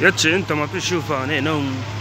Io c'entro, ma più sciufane, non...